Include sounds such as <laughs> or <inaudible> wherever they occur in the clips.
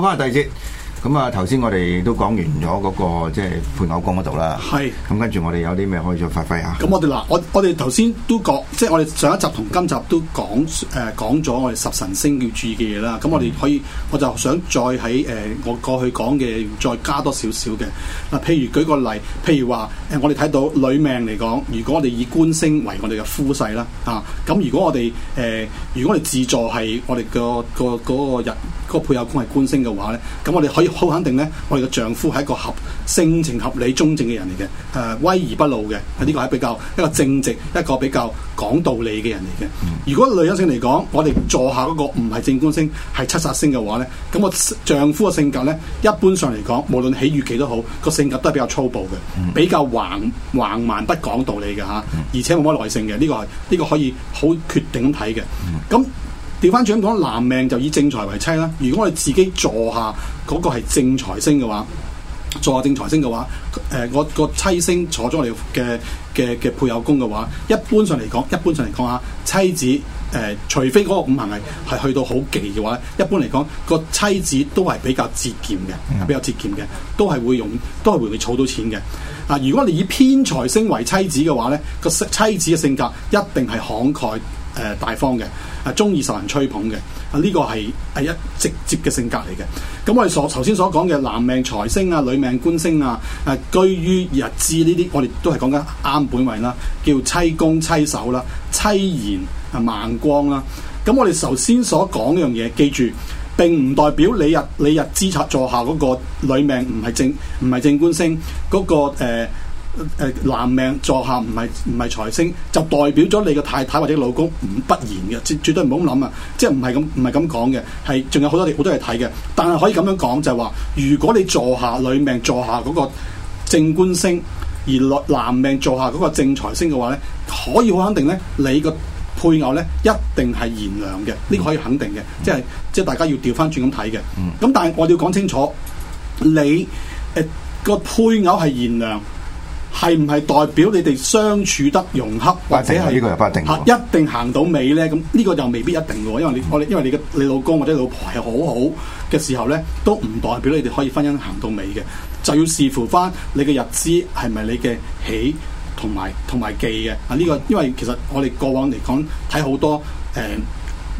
翻翻、嗯、第二節，咁啊頭先我哋都講完咗嗰、那個即係配偶宮嗰度啦。係是，咁跟住我哋有啲咩可以再發揮下？咁我哋嗱，我我哋頭先都講，即係我哋上一集同今集都講誒講咗我哋十神星要注意嘅嘢啦。咁我哋可以，嗯、我就想再喺誒、呃、我過去講嘅再加多少少嘅嗱，譬如舉個例，譬如話誒，我哋睇到女命嚟講，如果我哋以官星為我哋嘅夫勢啦，啊，咁如果我哋誒、呃，如果我哋自助係我哋、那個、那個嗰、那個人。個配偶宮係官星嘅話咧，咁我哋可以好肯定咧，我哋嘅丈夫係一個合性情合理忠正嘅人嚟嘅，誒、呃、威而不露嘅，呢、這個係比較一個正直、一個比較講道理嘅人嚟嘅。如果女性嚟講，我哋坐下嗰個唔係正官星，係七殺星嘅話咧，咁、那、我、個、丈夫嘅性格咧，一般上嚟講，無論喜與忌都好，個性格都係比較粗暴嘅，比較橫橫蠻不講道理嘅嚇，而且冇乜耐性嘅，呢、這個係呢、這個可以好決定咁睇嘅。咁調翻轉咁講，男命就以正財為妻啦。如果我哋自己坐下嗰個係正財星嘅話，坐下正財星嘅話，誒、呃，我個妻星坐咗我嘅嘅嘅配偶宮嘅話，一般上嚟講，一般上嚟講吓，妻子誒、呃，除非嗰個五行係係去到好忌嘅話咧，一般嚟講，嗰個妻子都係比較節儉嘅，比較節儉嘅，都係會用，都係會會儲到錢嘅。啊、呃，如果你以偏財星為妻子嘅話咧，呢個妻子嘅性格一定係慷慨。誒大方嘅，啊中意受人吹捧嘅，啊呢、這個係係一直接嘅性格嚟嘅。咁、嗯、我哋所頭先所講嘅男命財星啊、女命官星啊、啊居於日支呢啲，我哋都係講緊啱本位啦，叫妻宮妻守啦、妻賢啊、孟光啦。咁我哋頭先所講樣嘢，記住並唔代表你日你日支察座下嗰個女命唔係正唔係正官星嗰、那個、呃誒，男命座下唔係唔係財星，就代表咗你嘅太太或者老公唔不賢嘅，絕絕對唔好咁諗啊！即係唔係咁唔係咁講嘅，係仲有好多嘢，我都係睇嘅。但係可以咁樣講就係、是、話，如果你座下女命座下嗰個正官星，而男男命座下嗰個正財星嘅話咧，可以好肯定咧，你個配偶咧一定係賢良嘅，呢、這個、可以肯定嘅、嗯，即係即係大家要調翻轉咁睇嘅。咁、嗯、但係我哋要講清楚，你誒個配偶係賢良。係唔係代表你哋相處得融洽，或者係一,一定行到尾咧？咁、這、呢個就未必一定嘅，因為你我哋、嗯、因為你嘅你老公或者老婆係好好嘅時候咧，都唔代表你哋可以婚姻行到尾嘅，就要視乎翻你嘅日支係咪你嘅喜同埋同埋忌嘅啊？呢、這個因為其實我哋過往嚟講睇好多誒。呃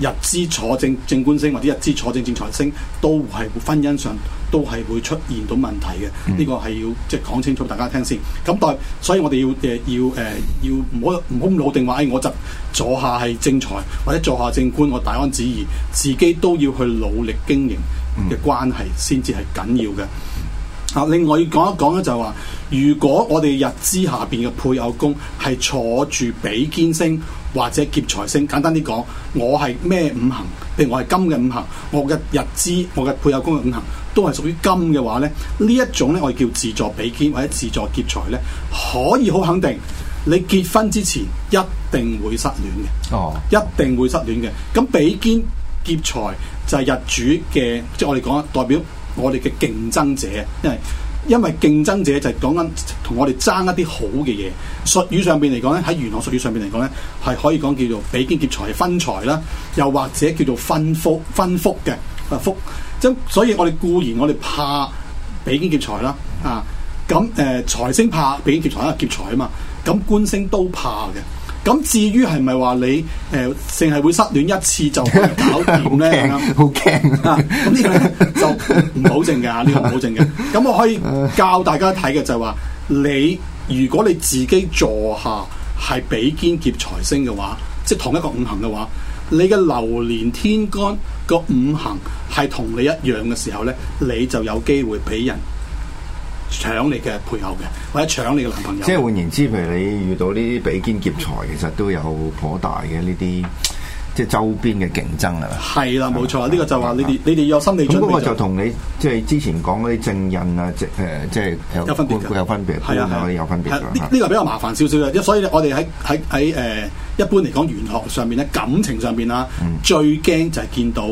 日支坐正正官星或者日支坐正正財星，都係婚姻上都係會出現到問題嘅。呢、mm hmm. 個係要即係、就是、講清楚，大家先聽先。咁但係，所以我哋要誒、呃、要誒、呃、要唔好唔好咁老定話，誒、哎、我就坐下係正財或者坐下正官，我大安旨意。自己都要去努力經營嘅關係，先至係緊要嘅。啊、hmm.，另外要講一講咧、就是，就係話。如果我哋日支下邊嘅配偶宮係坐住比肩星或者劫財星，簡單啲講，我係咩五行？譬如我係金嘅五行，我嘅日支、我嘅配偶宮嘅五行都係屬於金嘅話，咧，呢一種咧我哋叫自助比肩或者自助劫財，咧，可以好肯定，你結婚之前一定會失戀嘅，哦、一定會失戀嘅。咁比肩劫財就係日主嘅，即係我哋講，代表我哋嘅競爭者，因為。因為競爭者就係講緊同我哋爭一啲好嘅嘢，術語上邊嚟講咧，喺玄學術語上邊嚟講咧，係可以講叫做比肩劫財，分財啦，又或者叫做分福分福嘅啊福，即、就係、所以我哋固然我哋怕比肩劫財啦，啊咁誒財星怕比肩劫財，因、啊、劫財啊嘛，咁官星都怕嘅。咁至於係咪話你誒淨係會失戀一次就可以搞掂咧？好驚！咁呢就、呢個就唔保證嘅，呢個唔保證嘅。咁我可以教大家睇嘅就係、係、話，你如果你自己坐下係比肩劫財星嘅話，即係同一個五行嘅話，你嘅流年天干個五行係同你一樣嘅時候咧，你就有機會俾人，搶你嘅配偶嘅，或者搶你嘅男朋友。即係換言之，譬如你遇到呢啲比肩劫財，其實都有頗大嘅呢啲，即係周邊嘅競爭係咪？係啦，冇錯，呢個就話你哋你哋有心理準備。咁嗰個就同你即係之前講嗰啲正印啊，即即係有分別嘅。有分別係啊，我哋有分別。呢呢個比較麻煩少少啦。所以我哋喺喺喺誒一般嚟講玄學上面，咧，感情上面啦，最驚就係見到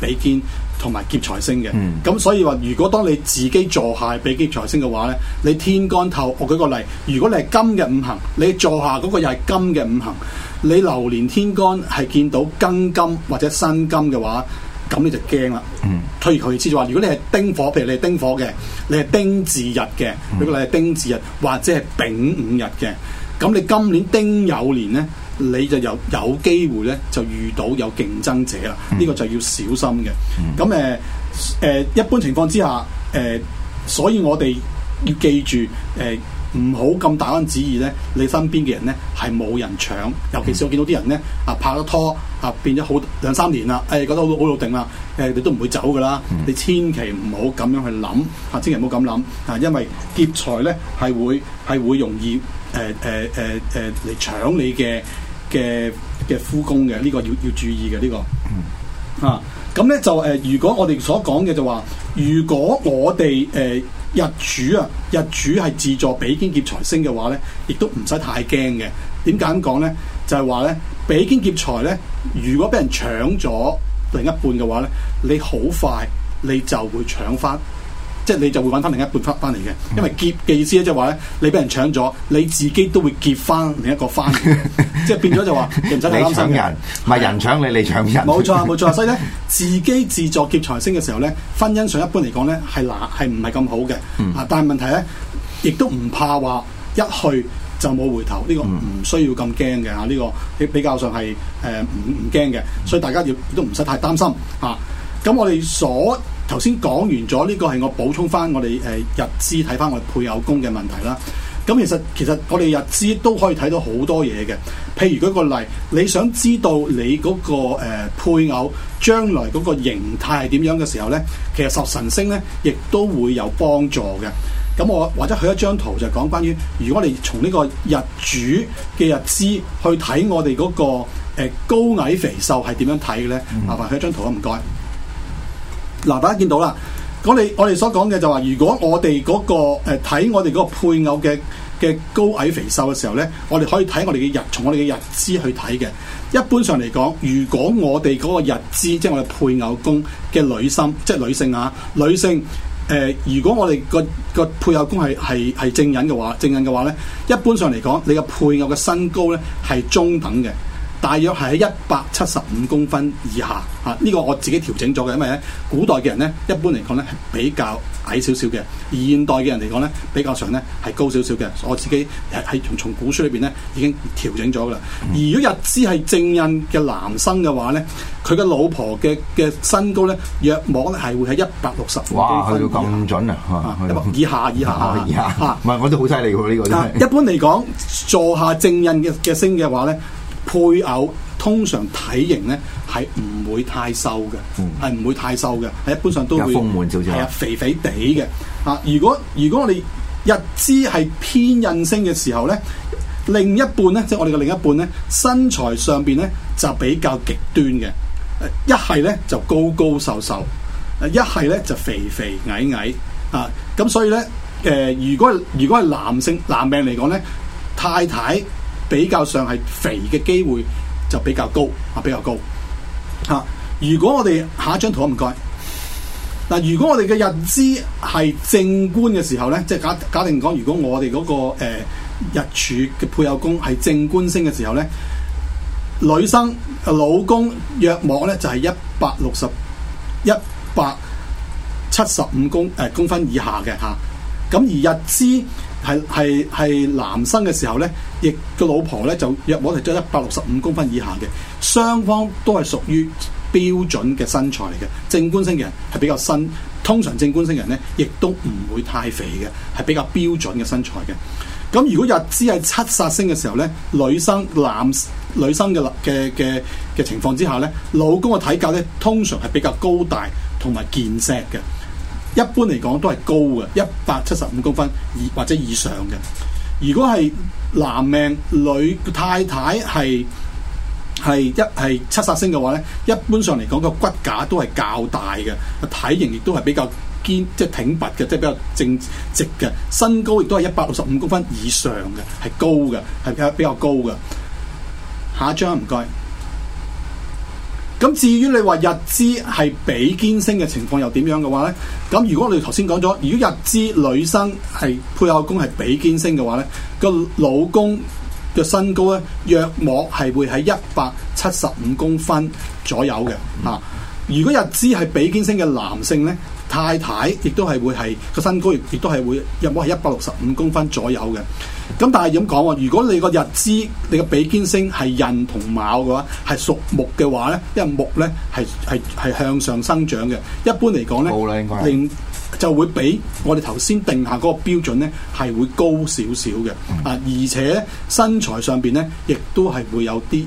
比肩。同埋劫財星嘅，咁、嗯、所以話，如果當你自己座下係俾劫財星嘅話咧，你天干透，我舉個例，如果你係金嘅五行，你座下嗰個又係金嘅五行，你流年天干係見到庚金，金或者辛金嘅話，咁你就驚啦。譬、嗯、如佢之前就話，如果你係丁火，譬如你係丁火嘅，你係丁字日嘅，舉個例、嗯、你係丁字日或者係丙午日嘅，咁你今年丁酉年咧。你就有有機會咧，就遇到有競爭者啦。呢、這個就要小心嘅。咁誒誒，一般情況之下誒、嗯，所以我哋要記住誒，唔好咁打緊主意咧。你身邊嘅人咧係冇人搶，尤其是我見到啲人咧啊拍咗拖啊變咗好兩三年啦，誒覺得好好老定啦，誒你都唔會走噶啦。你千祈唔好咁樣去諗，啊，哎啊 mm. 千祈唔好咁諗啊，因為劫財咧係會係會容易誒誒誒誒嚟搶你嘅。嘅嘅夫工嘅呢個要要注意嘅呢、這個，嗯、啊咁咧就誒、呃，如果我哋所講嘅就話，如果我哋誒日主啊，日主係自助比肩劫財星嘅話咧，亦都唔使太驚嘅。點解咁講咧？就係話咧，比肩劫財咧，如果俾人搶咗另一半嘅話咧，你好快你就會搶返。即係你就會揾翻另一半翻翻嚟嘅，因為劫嘅意思咧，即係話咧，你俾人搶咗，你自己都會劫翻另一個翻嚟， <laughs> 即係變咗就話你唔使擔心。你搶人，唔係人搶你，你搶人。冇錯，冇錯。所以咧，自己自作劫財星嘅時候咧，婚姻上一般嚟講咧係嗱係唔係咁好嘅啊？但係問題咧，亦都唔怕話一去就冇回頭，呢、呢個唔需要咁驚嘅嚇。呢、呢個比比較上係誒唔唔驚嘅，所以大家亦都唔使太擔心嚇。咁、啊、我哋所頭先講完咗，呢個係我補充翻我哋誒日支睇翻我哋配偶宮嘅問題啦。咁其實其實我哋日支都可以睇到好多嘢嘅。譬如舉個例，你想知道你嗰個配偶將來嗰個形態係點樣嘅時候咧，其實十神星咧亦都會有幫助嘅。咁我或者佢一張圖就講關於，如果我哋從呢個日主嘅日支去睇我哋嗰個高矮肥瘦係點樣睇嘅咧？嗯、麻煩佢一張圖啊，唔該。嗱，大家見到啦，我哋我哋所講嘅就話、是，如果我哋嗰、那個睇、呃、我哋嗰個配偶嘅嘅高矮肥瘦嘅時候咧，我哋可以睇我哋嘅日從我哋嘅日支去睇嘅。一般上嚟講，如果我哋嗰個日支即係我哋配偶宮嘅女心，即係女性啊，女性誒、呃，如果我哋個個配偶宮係係係正印嘅話，正印嘅話咧，一般上嚟講，你嘅配偶嘅身高咧係中等嘅。大約係喺一百七十五公分以下，嚇、這、呢個我自己調整咗嘅，因為咧古代嘅人咧一般嚟講咧係比較矮少少嘅，而現代嘅人嚟講咧比較上咧係高少少嘅。我自己係係從古書裏邊咧已經調整咗嘅啦。而如果日支係正印嘅男生嘅話咧，佢嘅老婆嘅嘅身高咧，約摸咧係會喺一百六十五公分以下，哇，到咁準呀？吓，以下，以下，唔係我都好犀利喎，呢個真係。一般嚟講，坐下正印嘅嘅星嘅話咧。配偶通常體型咧係唔會太瘦嘅，係唔、嗯、會太瘦嘅，係一般上都會豐滿少少係啊肥肥地嘅。啊，如果如果我哋日支係偏印星嘅時候咧，另一半咧即係我哋嘅另一半咧身材上邊咧就是、比較極端嘅。一係咧就高高瘦瘦，一係咧就肥肥矮矮。啊，咁所以咧誒、呃、如果如果係男性男命嚟講咧，太太，太，太。比較上係肥嘅機會就比較高啊，比較高嚇、啊。如果我哋下一張圖，唔該。嗱、啊，如果我哋嘅日支係正官嘅時候咧，即係假假定講，如果我哋嗰、嗰個、呃、日柱嘅配偶宮係正官星嘅時候咧，女生老公約莫咧就係一百六十、一百七十五公誒公分以下嘅嚇。咁、啊、而日支。係係係男生嘅時候呢，亦個老婆呢，就約我哋在一百六十五公分以下嘅，雙方都係屬於標準嘅身材嚟嘅。正官星人係比較新，通常正官星人呢，亦都唔會太肥嘅，係比較標準嘅身材嘅。咁如果日支係七煞星嘅時候呢，女生男女生嘅嘅嘅嘅情況之下呢，老公嘅體格呢，通常係比較高大同埋健碩嘅。一般嚟講都係高嘅，一百七十五公分以或者以上嘅。如果係男命，女太太係係一係七煞星嘅話咧，一般上嚟講個骨架都係較大嘅，體型亦都係比較堅，即係挺拔嘅，即係比較正直嘅。身高亦都係一百六十五公分以上嘅，係高嘅，係比較比較高嘅。下一張唔該。咁至於你話日資係比肩星嘅情況又點樣嘅話呢？咁如果我哋頭先講咗，如果日資女生係配偶宮係比肩星嘅話呢，個老公嘅身高咧，約莫係會喺一百七十五公分左右嘅嚇、啊。如果日資係比肩星嘅男性呢？太太亦都係會係個身高，亦亦都係會又冇係一百六十五公分左右嘅。咁但係咁講喎，如果你個日支你嘅比肩星係寅同卯嘅話，係屬木嘅話咧，因為木咧係係係向上生長嘅。一般嚟講咧，冇啦，應該令就會比我哋頭先定下嗰個標準咧係會高少少嘅。啊，而且身材上邊咧亦都係會有啲誒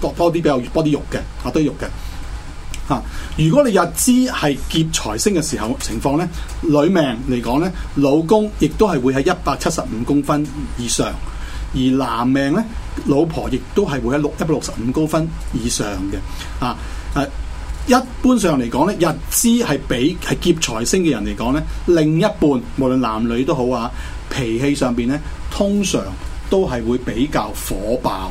多多啲比較多啲肉嘅啊，多啲肉嘅。啊！如果你日支係劫財星嘅時候情況呢，女命嚟講呢，老公亦都係會喺一百七十五公分以上；而男命呢，老婆亦都係會喺六一百六十五公分以上嘅。啊，一般上嚟講咧，日支係比係劫財星嘅人嚟講呢，另一半無論男女都好啊，脾氣上面呢，通常都係會比較火爆，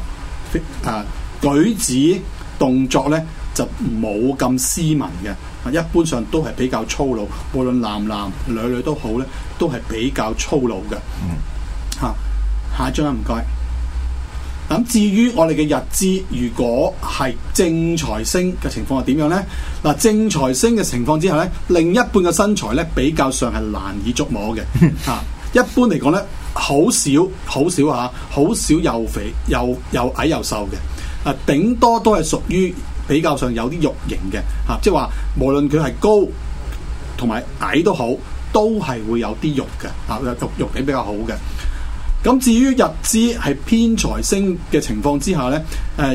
誒、啊，舉止動作呢。就冇咁斯文嘅，一般上都係比較粗魯，無論男男女女都好咧，都係比較粗魯嘅。嗯、mm，hmm. 下一張啊，唔該。咁至於我哋嘅日支，如果係正財星嘅情況係點樣呢？嗱，正財星嘅情況之下呢，另一半嘅身材呢，比較上係難以捉摸嘅。嚇， <laughs> 一般嚟講呢，好少好少啊，好少又肥又又矮又瘦嘅，啊，頂多都係屬於。比較上有啲肉型嘅，嚇、啊，即係話無論佢係高同埋矮都好，都係會有啲肉嘅，嚇、啊，肉肉型比較好嘅。咁、啊、至於日支係偏財星嘅情況之下咧，誒、呃、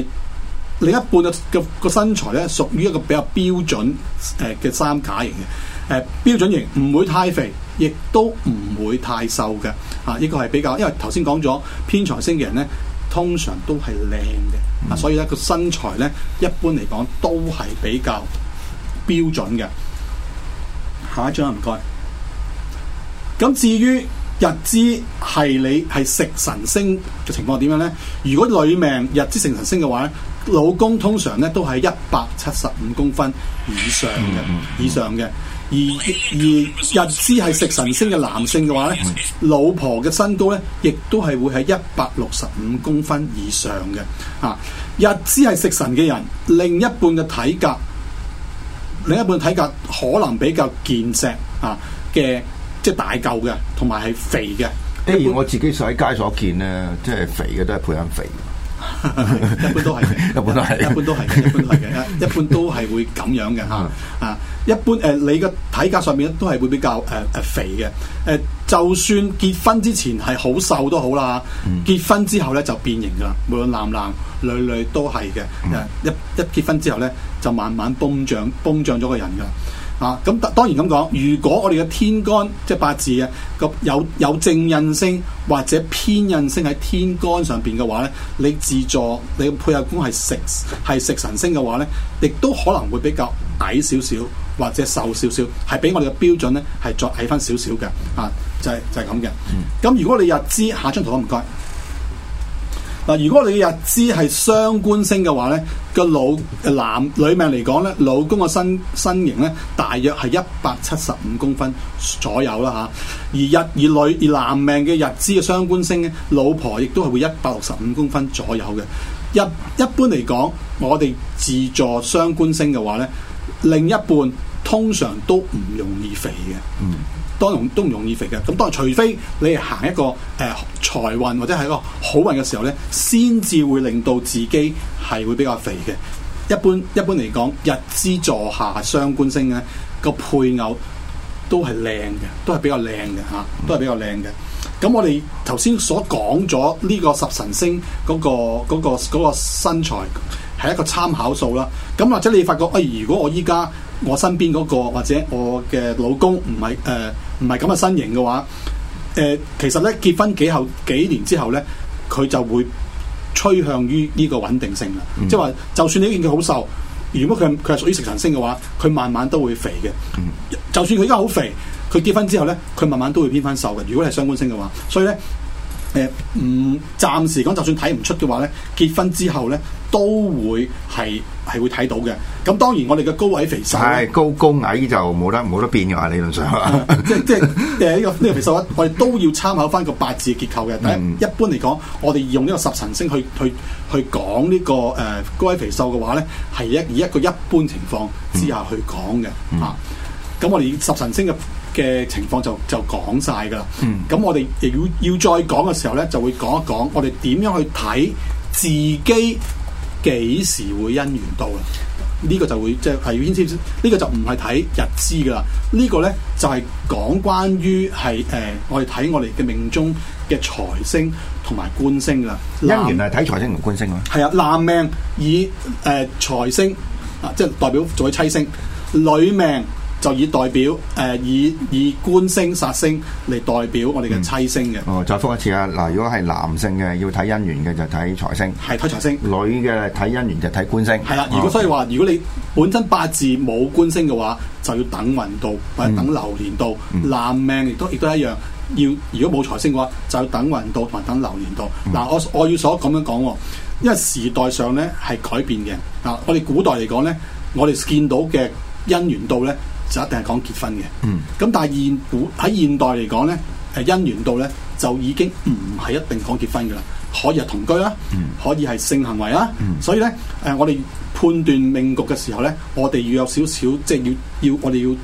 另一半嘅嘅個身材咧，屬於一個比較標準誒嘅三甲型嘅，誒、呃、標準型，唔會太肥，亦都唔會太瘦嘅，嚇、啊，呢個係比較，因為頭先講咗偏財星嘅人咧。通常都係靚嘅，啊，所以咧個身材咧一般嚟講都係比較標準嘅。下一張唔該。咁至於日支係你係食神星嘅情況點樣呢？如果女命日支食神星嘅話咧，老公通常咧都係一百七十五公分以上嘅，以上嘅。而而日支係食神星嘅男性嘅話咧，老婆嘅身高咧，亦都係會喺一百六十五公分以上嘅。啊，日支係食神嘅人，另一半嘅體格，另一半體格可能比較健碩啊嘅，即係大嚿嘅，同埋係肥嘅。譬如我自己喺街所見咧，即係肥嘅，都係配緊肥。 <laughs> 一般都係嘅， <laughs> <laughs> 一般都係，一般都係，一般都係嘅，一般都係會咁樣嘅吓啊！一般誒、呃，你嘅體格上面都係會比較誒誒、呃、肥嘅，誒、呃、就算結婚之前係好瘦都好啦，嗯、結婚之後咧就變形噶，無論男男女女都係嘅，誒、啊、一一結婚之後咧就慢慢膨脹膨脹咗個人噶。啊，咁當然咁講。如果我哋嘅天干即係八字嘅個有有正印星或者偏印星喺天干上邊嘅話咧，你自坐，你配合官係食係食神星嘅話咧，亦都可能會比較矮少少或者瘦少少，係比我哋嘅標準咧係再矮翻少少嘅啊，就係、是、就係咁嘅。咁、嗯、如果你日支，下張圖，唔該。嗱，如果你嘅日支係雙官星嘅話咧，那個老男女命嚟講咧，老公嘅身身形咧，大約係一百七十五公分左右啦吓，啊。而日而女而男命嘅日支嘅雙官星咧，老婆亦都係會一百六十五公分左右嘅。一一般嚟講，我哋自坐雙官星嘅話咧，另一半通常都唔容易肥嘅。嗯都容都唔容易肥嘅，咁當然除非你係行一個誒、呃、財運或者係一個好運嘅時候咧，先至會令到自己係會比較肥嘅。一般一般嚟講，日支坐下傷官星咧，個配偶都係靚嘅，都係比較靚嘅嚇，都係比較靚嘅。咁我哋頭先所講咗呢個十神星嗰、嗰個嗰、嗰個嗰個嗰個、身材係一個參考數啦。咁或者你發覺，哎，如果我依家我身邊嗰、嗰個或者我嘅老公唔係誒，呃唔係咁嘅身形嘅話，誒、呃，其實咧結婚幾後幾年之後咧，佢就會趨向於呢個穩定性啦。即係話，就算你見佢好瘦，如果佢佢係屬於食神星嘅話，佢慢慢都會肥嘅。嗯、就算佢而家好肥，佢結婚之後咧，佢慢慢都會偏翻瘦嘅。如果係傷官星嘅話，所以咧。誒，唔，暫時講，就算睇唔出嘅話咧，結婚之後咧都會係係會睇到嘅。咁當然我哋嘅高位肥瘦係、哎、高高矮就冇得冇得變嘅話，理論上 <laughs> 即即係呢、呃，這個呢、這個肥瘦咧，我哋都要參考翻個八字結構嘅。但係一、嗯、一般嚟講，我哋用呢個十神星去去去講呢個誒高位肥瘦嘅話咧，係一以一個一般情況之下去講嘅。吓、嗯，咁、嗯啊、我哋十神星嘅。嘅情況就就講晒噶啦，咁、嗯、我哋亦要要再講嘅時候咧，就會講一講我哋點樣去睇自己幾時會姻緣到啊？呢、這個就會即係要先呢個就唔係睇日支噶啦，這個、呢個咧就係、是、講關於係誒、呃、我哋睇我哋嘅命中嘅財星同埋官星噶啦。姻緣係睇財星同官星咯，係啊，男命以誒、呃、財星啊，即係代表做佢妻星，女命。就以代表誒、呃，以以官星煞星嚟代表我哋嘅妻星嘅、嗯、哦。再復一次啊！嗱、呃，如果係男性嘅要睇姻緣嘅，就睇財星；係睇財星。女嘅睇姻緣就睇官星。係啦。如果、哦、所以話，如果你本身八字冇官星嘅話，就要等運度，嗯、或者等流年度。嗯嗯、男命亦都亦都一樣，要如果冇財星嘅話，就要等運度同埋等流年度嗱。我我要所咁樣講，因為時代上咧係改變嘅嗱，我哋古代嚟講咧，我哋見到嘅姻緣、緣度咧。就一定係講結婚嘅，咁、嗯、但係現古喺現代嚟講咧，誒姻緣度咧就已經唔係一定講結婚嘅啦，可以係同居啦，嗯、可以係性行為啦，嗯、所以咧誒、呃、我哋判斷命局嘅時候咧，我哋要有少少即係要要我哋要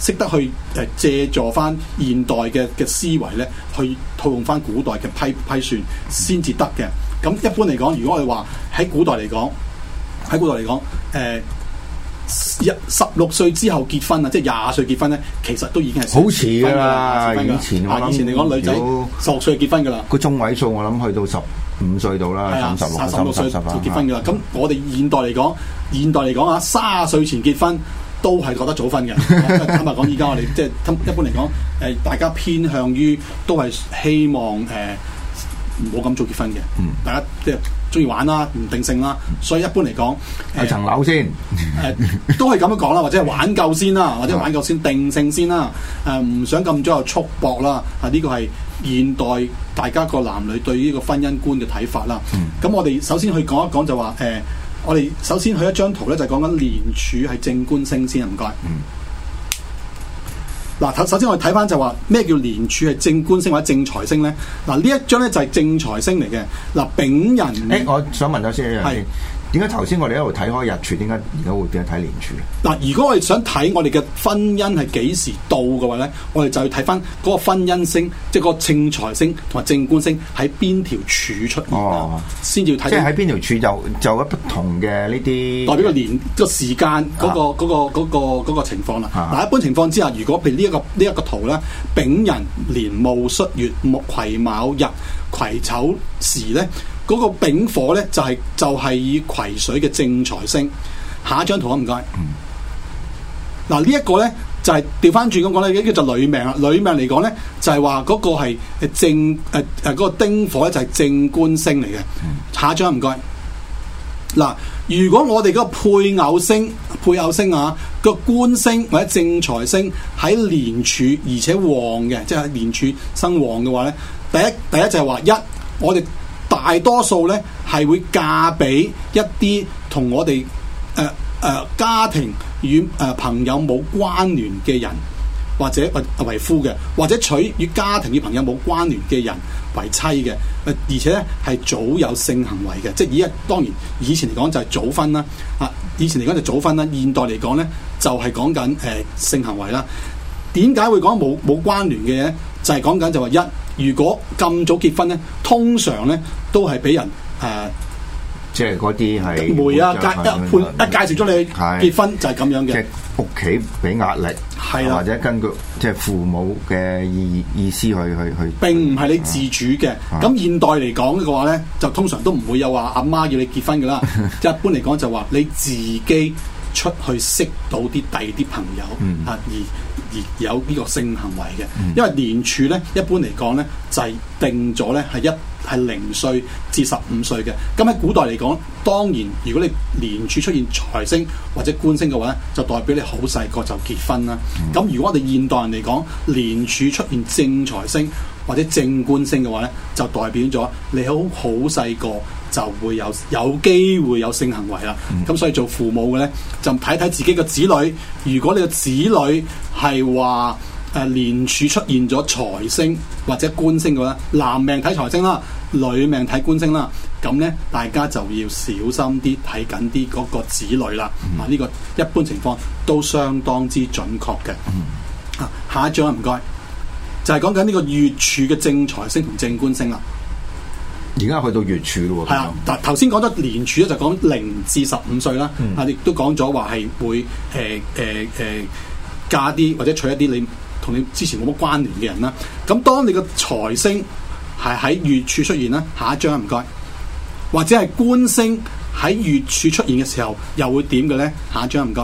識得去誒、呃、藉助翻現代嘅嘅思維咧，去套用翻古代嘅批批算先至得嘅。咁、嗯嗯、一般嚟講，如果我哋話喺古代嚟講，喺古代嚟講誒。呃一十六歲之後結婚啊，即係廿歲結婚咧，其實都已經係好遲噶啦。以前以前嚟講，女仔十六歲結婚噶啦。個中位數我諗去到十五歲到啦，三十六、三十六歲就結婚噶啦。咁的我哋現代嚟講，現代嚟講啊，卅歲前結婚都係覺得早婚嘅。 <laughs> 坦白講，依家我哋即係一般嚟講，誒，大家偏向於都係希望誒，唔好、呃、咁早結婚嘅。嗯，大家即係。中意玩啦，唔定性啦，所以一般嚟講係層樓先，誒、呃，都係咁樣講啦，或者係玩夠先啦，或者玩夠先，玩夠先定性先啦，誒、呃，唔想咁早又束縛啦，啊，呢個係現代大家個男女對於呢個婚姻觀嘅睇法啦。咁、啊、我哋首先去講一講就話，誒、呃，我哋首先去一張圖咧就講緊廉署係正官星先，唔該。嗱，首先我哋睇翻就話咩叫年柱係正官星或者正財星咧？嗱，呢一張咧就係正財星嚟嘅。嗱，丙人，誒，我想問首先一樣。點解頭先我哋一路睇開日柱，點解而家會變咗睇年柱？嗱，如果我哋想睇我哋嘅婚姻係幾時到嘅話咧，我哋就要睇翻嗰個婚姻星，即係嗰個正財星同埋正官星喺邊條柱出面先至睇。哦、要即係喺邊條柱就就有不同嘅呢啲，代表個年、嗰個時間嗰、嗰個、啊嗰個、嗰個、嗰個情況啦。啊、但一般情況之下，如果譬如呢一個呢一個圖咧，丙人年戊戌月木癸卯日癸丑時咧。嗰個丙火咧，就係、是、就係以癸水嘅正財星。下一張圖啊，唔該。嗱、嗯，這個、呢一個咧就係調翻轉咁講咧，叫做女命啊。女命嚟講咧，就係話嗰個係、就是、正誒誒嗰個丁火咧，就係、是、正官星嚟嘅。嗯、下一張唔該。嗱，如果我哋個配偶星、配偶星啊，個官星或者正財星喺年柱，而且旺嘅，即係年柱生旺嘅話咧，第一第一，第一就係話一我哋。大多數咧係會嫁俾一啲同我哋誒誒家庭與誒、呃、朋友冇關聯嘅人，或者或、呃、為夫嘅，或者娶與家庭與朋友冇關聯嘅人為妻嘅、呃，而且咧係早有性行為嘅，即係依家當然以前嚟講就係早婚啦，啊以前嚟講就早婚啦，現代嚟講咧就係講緊誒性行為啦。點解會講冇冇關聯嘅咧？就係講緊就話一。如果咁早結婚咧，通常咧都係俾人誒，即係嗰啲係媒啊介一判一介紹咗你結婚就係咁樣嘅，即係屋企俾壓力係啦，或者根據即係父母嘅意意思去去去，並唔係你自主嘅。咁現代嚟講嘅話咧，就通常都唔會有話阿媽要你結婚噶啦。即係一般嚟講就話你自己出去識到啲第二啲朋友啊而。有呢個性行為嘅，因為年柱咧一般嚟講咧就係、是、定咗咧係一係零歲至十五歲嘅。咁喺古代嚟講，當然如果你年柱出現財星或者官星嘅話，就代表你好細個就結婚啦。咁如果我哋現代人嚟講，年柱出現正財星，或者正官星嘅話咧，就代表咗你好好細個就會有有機會有性行為啦。咁、mm hmm. 所以做父母嘅咧，就睇睇自己嘅子女。如果你嘅子女係話誒廉柱出現咗財星或者官星嘅話，男命睇財星啦，女命睇官星啦。咁咧大家就要小心啲睇緊啲嗰個子女啦。Mm hmm. 啊，呢、呢個一般情況都相當之準確嘅。Mm hmm. 啊，下一張唔該。就係講緊呢個月柱嘅正財星同正官星啦。而家去到月柱咯。係 <noise> 啊，嗱，頭先講得年柱咧，就講零至十五歲啦。啊，亦都講咗話係會誒誒誒嫁啲或者娶一啲你同你之前冇乜關聯嘅人啦。咁當你嘅財星係喺月柱出現呢，下一張唔該。或者係官星喺月柱出現嘅時候，又會點嘅咧？下一張唔該。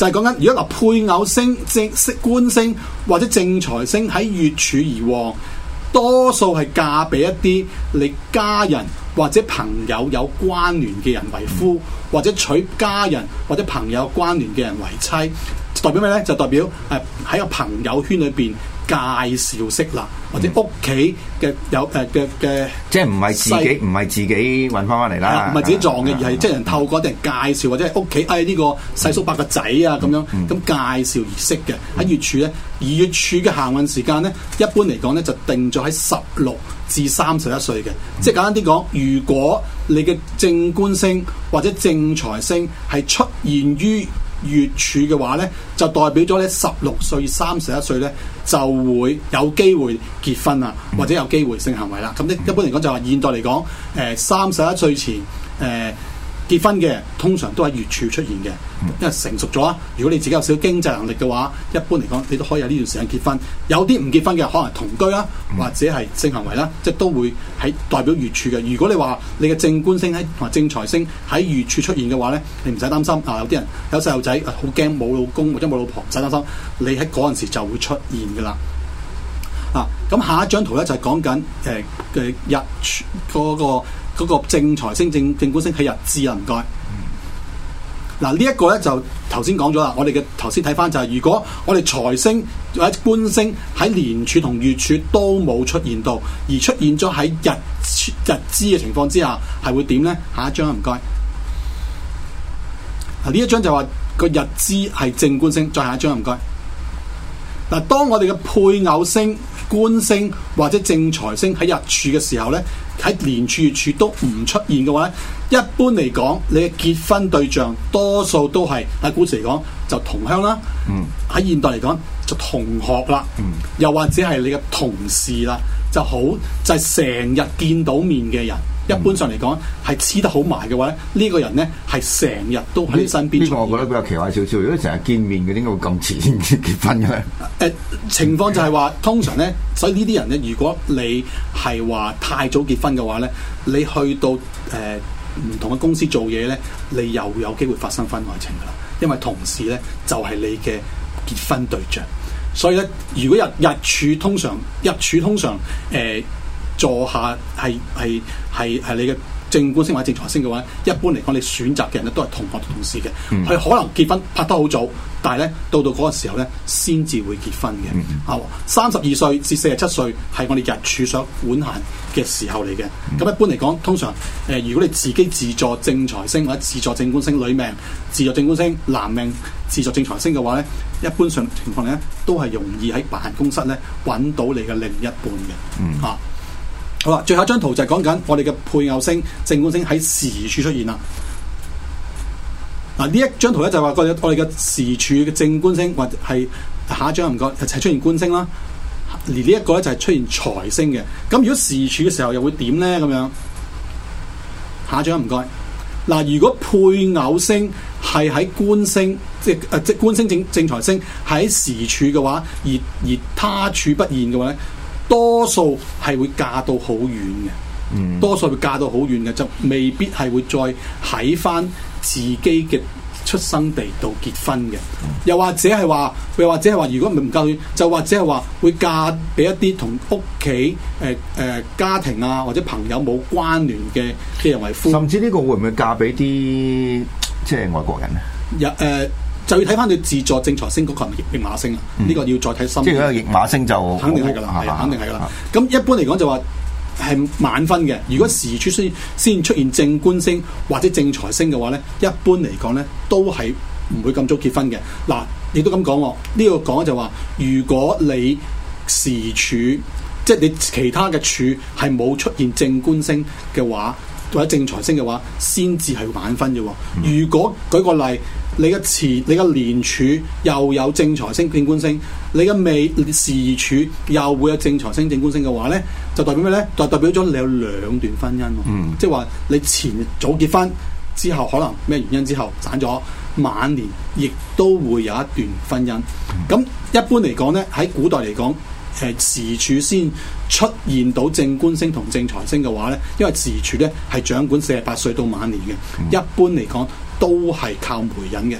就係講緊，如果嗱配偶星、正式官星或者正財星喺月柱而旺，多數係嫁俾一啲你家人或者朋友有關聯嘅人為夫，嗯、或者娶家人或者朋友有關聯嘅人為妻，代表咩咧？就代表誒喺、呃、個朋友圈裏邊。介紹識啦，或者屋企嘅有誒嘅嘅，嗯呃、即係唔係自己唔係西自己揾翻翻嚟啦，唔係、啊、自己撞嘅，而係即係人透過啲人介紹，嗯、或者屋企誒呢個細叔伯個仔啊咁樣咁、嗯嗯、介紹而識嘅。喺、嗯、月柱咧，而月柱嘅行運時間咧，一般嚟講咧就定咗喺十六至三十一歲嘅，即係簡單啲講，如果你嘅正官星或者正財星係出現於月柱嘅話呢，就代表咗呢十六歲三十一歲呢就會有機會結婚啦，或者有機會性行為啦。咁呢，一般嚟講就話，現代嚟講，誒三十一歲前，誒、呃。結婚嘅通常都喺月柱出現嘅，因為成熟咗啊。如果你自己有少少經濟能力嘅話，一般嚟講你都可以喺呢段時間結婚。有啲唔結婚嘅可能同居啦、啊，或者係性行為啦、啊，即都會喺代表月柱嘅。如果你話你嘅正官星喺同埋正財星喺月柱出現嘅話呢，你唔使擔心啊。有啲人有細路仔好驚冇老公或者冇老婆，唔使擔心。你喺嗰陣時就會出現噶啦。啊，咁下一張圖呢，就係、是、講緊誒嘅日柱嗰、那個。那個嗰個正財星、正正官星喺日支呀，唔該。嗱、嗯，呢一個咧就頭先講咗啦。我哋嘅頭先睇翻就係、是，如果我哋財星或者官星喺年柱同月柱都冇出現到，而出現咗喺日日支嘅情況之下，係會點呢？下一張唔該。啊，呢一張就話個日支係正官星，再下一張唔該。嗱，當我哋嘅配偶星、官星或者正財星喺日柱嘅時候呢。喺年處處都唔出現嘅話，一般嚟講，你嘅結婚對象多數都係喺古時嚟講就同鄉啦，喺、嗯、現代嚟講就同學啦，嗯、又或者係你嘅同事啦，就好就係、是、成日見到面嘅人。一般上嚟講，係黐、嗯、得好埋嘅話咧，呢、這個人咧係成日都喺你身邊。這呢個我覺得比較奇怪少少，如果成日見面嘅，點解會咁遲先結婚嘅？誒、呃，情況就係話，通常咧，所以呢啲人咧，如果你係話太早結婚嘅話咧，你去到誒唔、呃、同嘅公司做嘢咧，你又有機會發生婚外情噶啦。因為同事咧就係、是、你嘅結婚對象，所以咧，如果日日柱，通常日柱，通常誒。呃坐下係係係係你嘅正官星或者正財星嘅話，一般嚟講，你選擇嘅人咧都係同學同事嘅。佢、嗯、可能結婚拍得好早，但係咧到到嗰個時候咧，先至會結婚嘅。嗯、啊，三十二歲至四十七歲係我哋日柱所管限嘅時候嚟嘅。咁、嗯、一般嚟講，通常誒、呃，如果你自己自坐正財星或者自坐正官星女命，自坐正官星男命，自坐正財星嘅話咧，一般上情況嚟咧，都係容易喺辦公室咧揾到你嘅另一半嘅。啊！好啦，最後一張圖就係講緊我哋嘅配偶星、正官星喺時柱出現啦。嗱，呢一張圖咧就係話我哋我哋嘅時柱嘅正官星或者係下一張唔該，一齊出現官星啦。而呢一個咧就係出現財星嘅。咁如果時柱嘅時候又會點咧咁樣呢？下一張唔該。嗱，如果配偶星係喺官星，即係誒即官星正正財星喺時柱嘅話，而而他處不現嘅話。多數係會嫁到好遠嘅，嗯、多數會嫁到好遠嘅，就未必係會再喺翻自己嘅出生地度結婚嘅。又或者係話，又或者係話，如果唔夠遠，就或者係話會嫁俾一啲同屋企誒誒、呃、家庭啊或者朋友冇關聯嘅嘅人為夫。甚至呢個會唔會嫁俾啲即係外國人啊？有誒、呃。就要睇翻佢自作正財星嗰個係咪驛馬星啊？呢、嗯、個要再睇深。即係一個驛馬星就肯定係㗎啦，係、哦、肯定係㗎啦。咁、啊啊、一般嚟講就話係晚婚嘅。嗯、如果時柱先先出現正官星或者正財星嘅話咧，一般嚟講咧都係唔會咁早結婚嘅。嗱，亦都咁講喎。呢、這個講就話、是，如果你時柱即係、就是、你其他嘅柱係冇出現正官星嘅話，或者正財星嘅話，先至係晚婚嘅。如果舉個例。你嘅前你嘅年柱又有正財星、正官星，你嘅未時柱又會有正財星、正官星嘅話咧，就代表咩咧？就代表咗你有兩段婚姻咯。嗯、即係話你前早結婚之後，可能咩原因之後散咗，晚年亦都會有一段婚姻。咁、嗯、一般嚟講咧，喺古代嚟講，誒時柱先出現到正官星同正財星嘅話咧，因為時柱咧係掌管四十八歲到晚年嘅，嗯、一般嚟講。都係靠媒人嘅，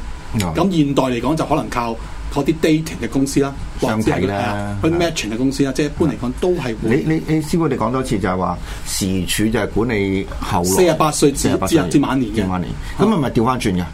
咁、嗯、現代嚟講就可能靠嗰啲 dating 嘅公司啦，或者係啊，matching 嘅公司啦，即係一般嚟講都係。你你你師傅，你講多次就係話，時柱就係管理後路四十八歲48，至至至晚年嘅，咁係咪調翻轉嘅？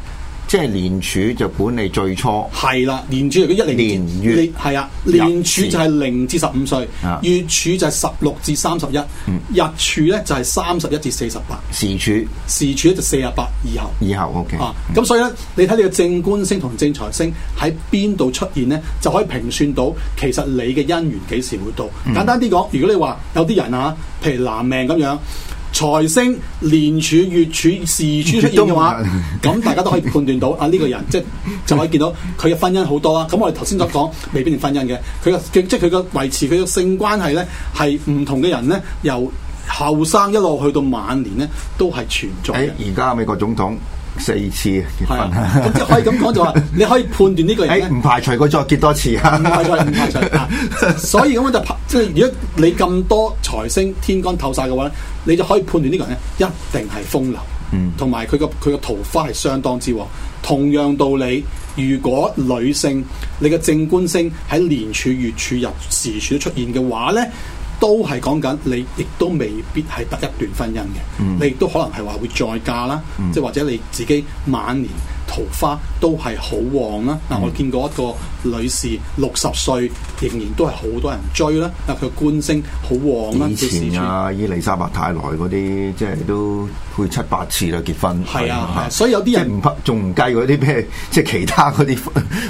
即係年柱就管理最初，係啦。年柱如果一零年，月係啊，年柱就係零至十五歲，月柱就係十六至三十一，日柱咧就係三十一至四十八，時柱時柱咧就四十八以後，以後 O K 啊。咁所以咧，嗯、你睇你嘅正官星同正財星喺邊度出現咧，就可以評算到其實你嘅姻緣幾時會到。嗯、簡單啲講，如果你話有啲人啊，譬如男命咁樣。財星年柱、月柱、時柱出現嘅話，咁大家都可以判斷到啊呢個人，即係 <laughs> 就可以見到佢嘅婚姻好多啦。咁我哋頭先所講未必係婚姻嘅，佢嘅即係佢嘅維持佢嘅性關係咧，係唔同嘅人咧，由後生一路去到晚年咧，都係存在嘅。誒，而家美國總統。四次結婚、啊，咁 <laughs> 即可以咁講就話， <laughs> 你可以判斷呢個人唔 <laughs> 排除佢再結多次 <laughs> 唔排除唔排除啊， <laughs> 所以咁樣就即係，如果你咁多財星天干透晒嘅話咧，你就可以判斷呢個人咧一定係風流，嗯，同埋佢個佢個桃花係相當之旺。同樣道理，如果女性你嘅正官星喺年柱、月柱、日時柱都出現嘅話咧。都係講緊你，亦都未必係得一段婚姻嘅，嗯、你亦都可能係話會再嫁啦，即、嗯、或者你自己晚年。桃花都係好旺啦！嗱，我見過一個女士六十歲，仍然都係好多人追啦。嗱、啊，佢官星好旺啦。以前啊，伊麗莎白泰萊嗰啲，即係都去七八次啦，結婚係啊，啊，啊。所以有啲人唔拍，仲唔計嗰啲咩，即係其他嗰啲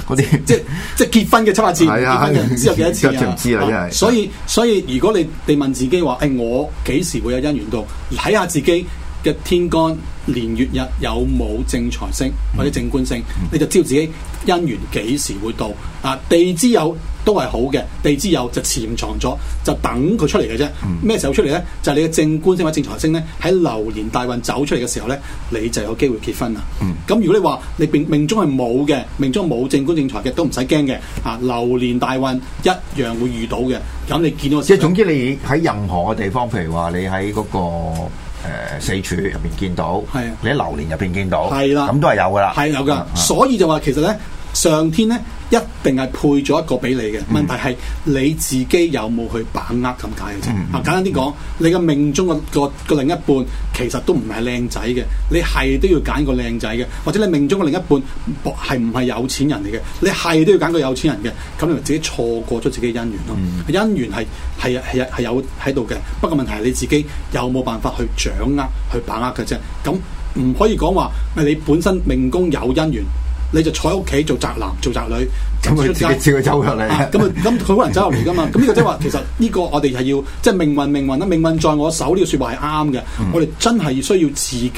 啲，即係即係結婚嘅七八次，啊、結婚嘅唔知有幾多次唔、啊、知啦，真係。所以所以，所以，如果你哋問自己話：誒、哎，我幾時會有姻緣到？睇下自己。嘅天干、年月日有冇正財星或者正官星，嗯嗯、你就知道自己姻緣幾時會到啊？地支有都係好嘅，地支有就潛藏咗，就等佢出嚟嘅啫。咩、嗯、時候出嚟咧？就係、是、你嘅正官星或者正財星咧，喺流年大運走出嚟嘅時候咧，你就有機會結婚啦。咁、嗯、如果你話你命命中係冇嘅，命中冇正官正財嘅，都唔使驚嘅。啊，流年大運一樣會遇到嘅。咁你見到時候即係總之，你喺任何嘅地方，譬如話你喺嗰、嗰個。誒、呃，四柱入邊見到，係啊，你喺流年入邊見到，係啦、啊，咁都係有噶啦，係有噶，嗯、所以就話其實咧。上天咧一定係配咗一個俾你嘅，嗯、問題係你自己有冇去把握咁解嘅啫。啊、嗯，簡單啲講，嗯、你嘅命中嘅個個另一半其實都唔係靚仔嘅，你係都要揀個靚仔嘅，或者你命中嘅另一半係唔係有錢人嚟嘅，你係都要揀個有錢人嘅，咁你咪自己錯過咗自己嘅姻緣咯。姻緣係係係係有喺度嘅，不過問題係你自己有冇辦法去掌握去把握嘅啫。咁唔可以講話，咪你本身命宮有姻緣。你就坐喺屋企做宅男做宅女，咁佢自己照佢走入嚟，咁咁佢可能走入嚟噶嘛？咁呢個即係話，其實呢個我哋係要即係命運命運啊！命運在我手呢個說話係啱嘅。我哋真係需要自己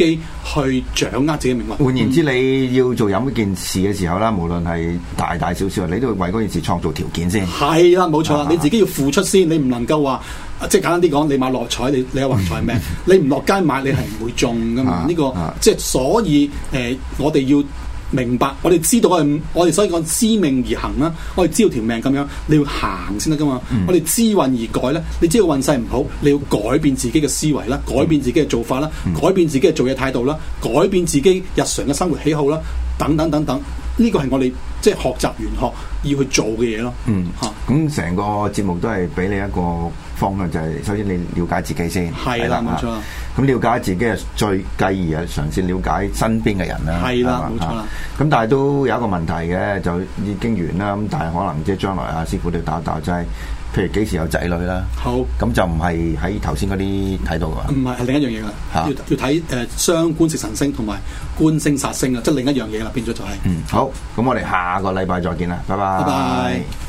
去掌握自己命運。換言之，你要做任何一件事嘅時候啦，無論係大大小小啊，你都要為嗰件事創造條件先。係啦，冇錯啦，你自己要付出先，你唔能夠話即係簡單啲講，你買六合彩，你你有橫財咩？你唔落街買，你係唔會中噶嘛？呢個即係所以誒，我哋要。明白，我哋知道我哋，所以講知命而行啦。我哋知道條命咁樣，你要行先得噶嘛。嗯、我哋知運而改咧，你知道運勢唔好，你要改變自己嘅思維啦，改變自己嘅做法啦，嗯、改變自己嘅做嘢態度啦，改變自己日常嘅生活喜好啦，等等等等。呢、呢個係我哋即係學習玄學要去做嘅嘢咯。嗯，吓咁成個節目都係俾你一個，方向就係首先你瞭解自己先，係啦，冇錯。咁瞭解自己啊，最繼而啊，嘗試了解身邊嘅人啦，係啦，冇錯啦。咁但係都有一個問題嘅，就已經完啦。咁但係可能即係將來啊，師傅你打打即係，譬如幾時有仔女啦，好。咁就唔係喺頭先嗰啲睇到噶，唔係係另一樣嘢啦。要要睇誒傷官食神星同埋官星殺星啊，即係另一樣嘢啦，變咗就係。嗯，好。咁我哋下個禮拜再見啦，拜拜。拜拜。